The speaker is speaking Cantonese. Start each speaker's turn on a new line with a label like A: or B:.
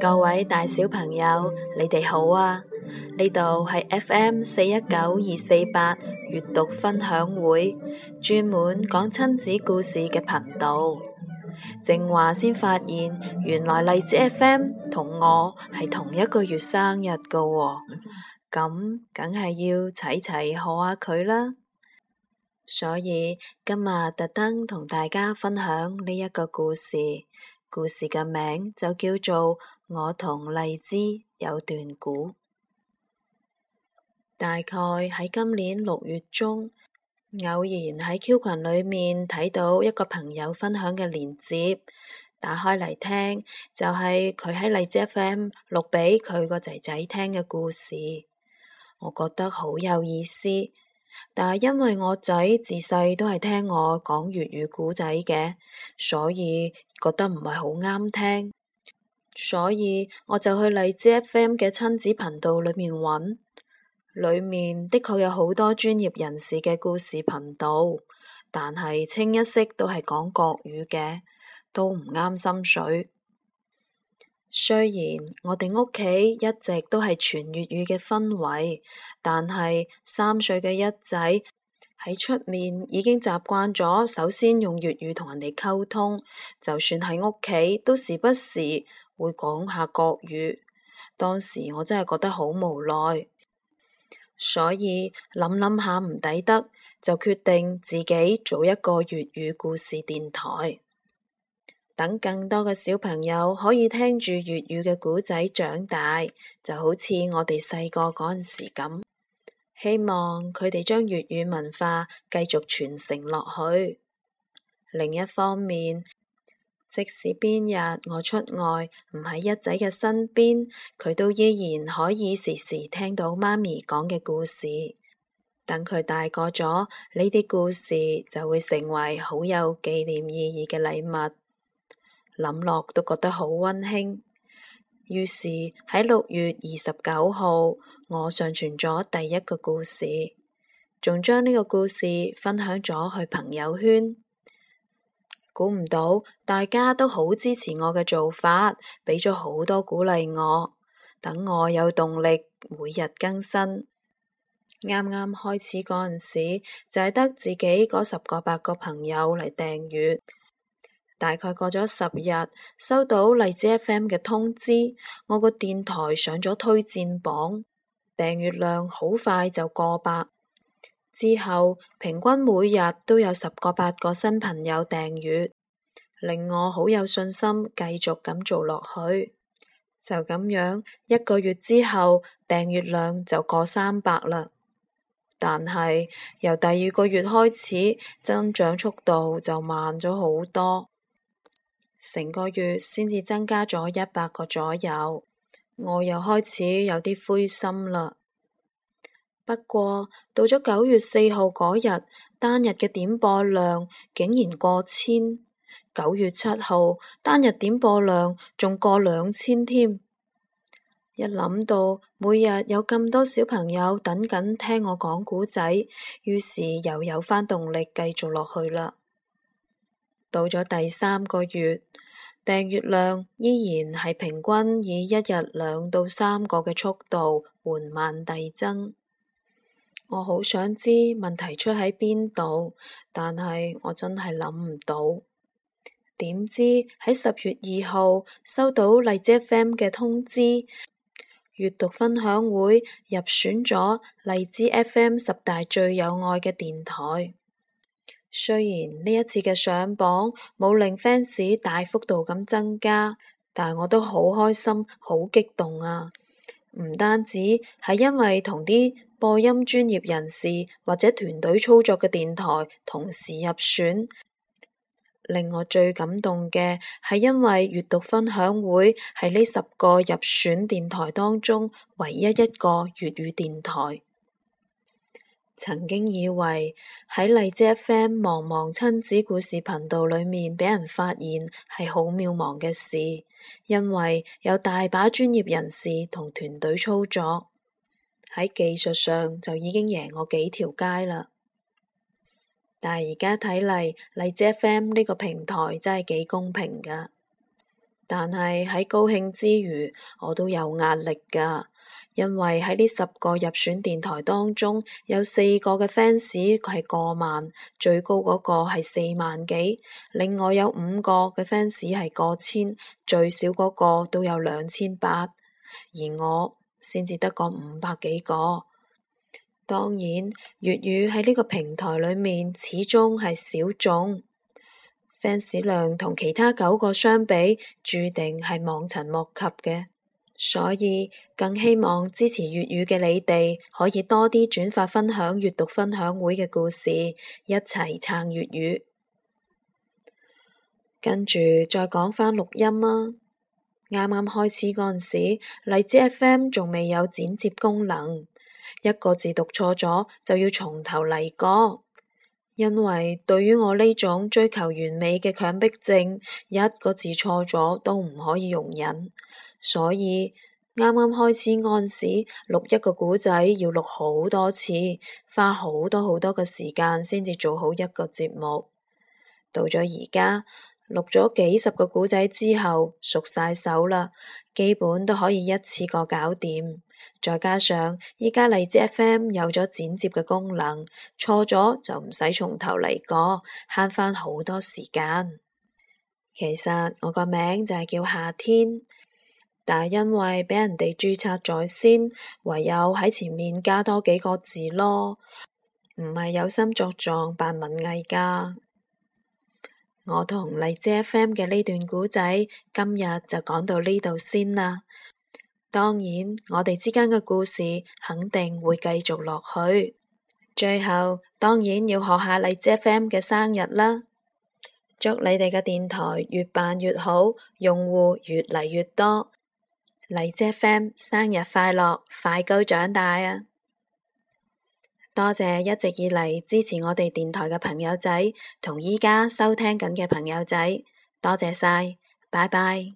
A: 各位大小朋友，你哋好啊！呢度係 FM 四一九二四八粵讀 FUN 享會，專門講親子故事嘅頻道。正話先發現，原來荔枝 FM 同我係同一個月生日㗎喎，咁梗係要齊齊賀下佢啦。所以今日特登同大家分享呢一個故事。故事嘅名就叫做《我同荔枝有段古》，大概喺今年六月中，偶然喺 Q 群裏面睇到一個朋友分享嘅鏈接，打開嚟聽，就係佢喺荔枝 FM 錄俾佢個仔仔聽嘅故事，我覺得好有意思。但係因為我仔自細都係聽我講粵語故仔嘅，所以覺得唔係好啱聽，所以我就去荔枝 FM 嘅親子頻道裏面揾，裏面的確有好多專業人士嘅故事頻道，但係清一色都係講國語嘅，都唔啱心水。雖然我哋屋企一直都係全粵語嘅氛圍，但係三歲嘅一仔喺出面已經習慣咗，首先用粵語同人哋溝通，就算喺屋企都時不時會講下國語。當時我真係覺得好無奈，所以諗諗下唔抵得，就決定自己做一個粵語故事電台。等更多嘅小朋友可以聽住粵語嘅古仔長大，就好似我哋細個嗰陣時咁。希望佢哋將粵語文化繼續傳承落去。另一方面，即使邊日我出外唔喺一仔嘅身邊，佢都依然可以時時聽到媽咪講嘅故事。等佢大個咗，呢啲故事就會成為好有紀念意義嘅禮物。諗落都覺得好溫馨，於是喺六月二十九號，我上傳咗第一個故事，仲將呢個故事分享咗去朋友圈。估唔到大家都好支持我嘅做法，俾咗好多鼓勵我，等我有動力每日更新。啱啱開始嗰陣時，就係得自己嗰十個八個朋友嚟訂閱。大概過咗十日，收到荔枝 FM 嘅通知，我個電台上咗推薦榜，訂閱量好快就過百。之後平均每日都有十個八個新朋友訂閱，令我好有信心繼續咁做落去。就咁樣一個月之後，訂閱量就過三百啦。但係由第二個月開始，增長速度就慢咗好多。成個月先至增加咗一百個左右，我又開始有啲灰心啦。不過到咗九月四號嗰日，單日嘅點播量竟然過千；九月七號單日點播量仲過兩千添。一諗到每日有咁多小朋友等緊聽我講故仔，於是又有返動力繼續落去啦。到咗第三個月，訂閱量依然係平均以一日兩到三個嘅速度緩慢遞增。我好想知問題出喺邊度，但係我真係諗唔到。點知喺十月二號收到荔枝 FM 嘅通知，粵讀 FUN 享會入選咗荔枝 FM 十大最有愛嘅電台。雖然呢一次嘅上榜冇令 fans 大幅度咁增加，但我都好開心、好激動啊！唔單止係因為同啲播音專業人士或者團隊操作嘅電台同時入選，令我最感動嘅係因為粵讀 FUN 享會係呢十個入選電台當中唯一一個粵語電台。曾經以為喺荔枝 FM 茫茫親子故事頻道裏面俾人發現係好渺茫嘅事，因為有大把專業人士同團隊操作，喺技術上就已經贏我幾條街啦。但係而家睇嚟，荔枝 FM 呢個平台真係幾公平㗎。但係喺高興之餘，我都有壓力噶，因為喺呢十個入選電台當中，有四個嘅 fans 係過萬，最高嗰個係四萬幾，另外有五個嘅 fans 係過千，最少嗰個都有兩千八，而我先至得個五百幾個。當然，粵語喺呢個平台裏面始終係小眾。fans 量同其他九個相比，注定係望塵莫及嘅，所以更希望支持粵語嘅你哋可以多啲轉發分享粵讀 FUN 享會嘅故事，一齊撐粵語。跟住再講返錄音啊！啱啱開始嗰陣時，荔枝 FM 仲未有剪接功能，一個字讀錯咗就要從頭嚟過。因為對於我呢種追求完美嘅強迫症，一個字錯咗都唔可以容忍，所以啱啱開始按時錄一個古仔，要錄好多次，花好多好多嘅時間先至做好一個節目。到咗而家，錄咗幾十個古仔之後，熟晒手啦，基本都可以一次過搞掂。再加上依家荔枝 FM 有咗剪接嘅功能，錯咗就唔使從頭嚟過，慳翻好多時間。其實我個名就係叫夏天，但係因為俾人哋註冊在先，唯有喺前面加多幾個字咯，唔係有心作狀扮文藝噶。我同荔枝 FM 嘅呢段古仔，今日就講到呢度先啦。當然，我哋之間嘅故事肯定會繼續落去。最後，當然要賀下荔枝 FM 嘅生日啦！祝你哋嘅電台越辦越好，用戶越嚟越多。荔枝 FM 生日快樂，快高長大啊！多謝一直以嚟支持我哋電台嘅朋友仔，同依家收聽緊嘅朋友仔，多謝晒，拜拜。